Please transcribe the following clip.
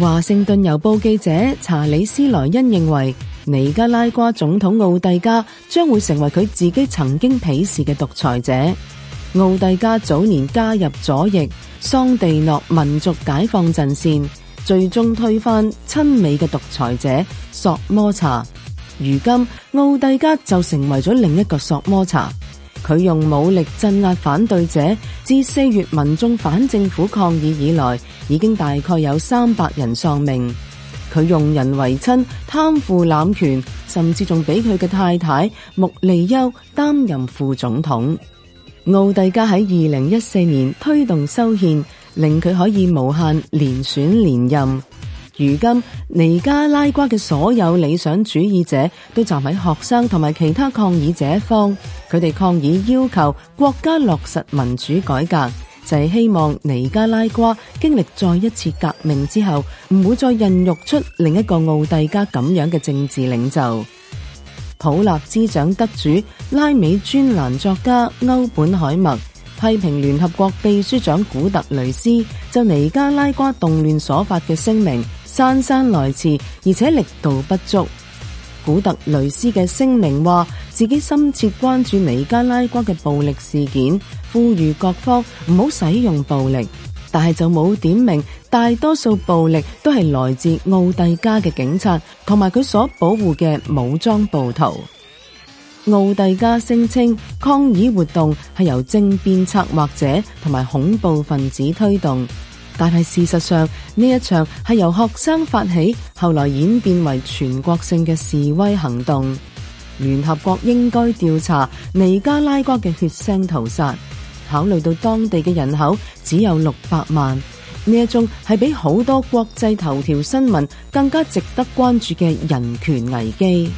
華盛頓郵報記者查理斯萊恩認為，尼加拉瓜總統奧蒂加將會成為佢自己曾經鄙視嘅獨裁者。奧蒂加早年加入左翼桑地諾民族解放陣線，最終推翻親美嘅獨裁者索摩查。如今，奧蒂加就成為咗另一個索摩查。佢用武力鎮壓反對者，自四月民眾反政府抗議以來，已經大概有三百人喪命。佢用人唯親、貪腐濫權，甚至仲俾佢嘅太太穆利優擔任副總統。奧地加喺二零一四年推動修憲，令佢可以無限連選連任。如今尼加拉瓜嘅所有理想主義者都站喺學生同埋其他抗議者一方，佢哋抗議要求國家落實民主改革，就係、是、希望尼加拉瓜經歷再一次革命之後，唔會再孕育出另一個奧蒂加咁樣嘅政治領袖。普立茲獎得主拉美專欄作家歐本海默。批評聯合國秘書長古特雷斯就尼加拉瓜動亂所發嘅聲明姍姍來遲，而且力度不足。古特雷斯嘅聲明話，自己深切關注尼加拉瓜嘅暴力事件，呼籲各方唔好使用暴力，但係就冇點名，大多數暴力都係來自奧蒂加嘅警察同埋佢所保護嘅武裝暴徒。奧帝加聲稱抗議活動係由政變策劃者同埋恐怖分子推動，但係事實上呢一場係由學生發起，後來演變為全國性嘅示威行動。聯合國應該調查尼加拉瓜嘅血腥屠殺，考慮到當地嘅人口只有六百萬，呢一種係比好多國際頭條新聞更加值得關注嘅人權危機。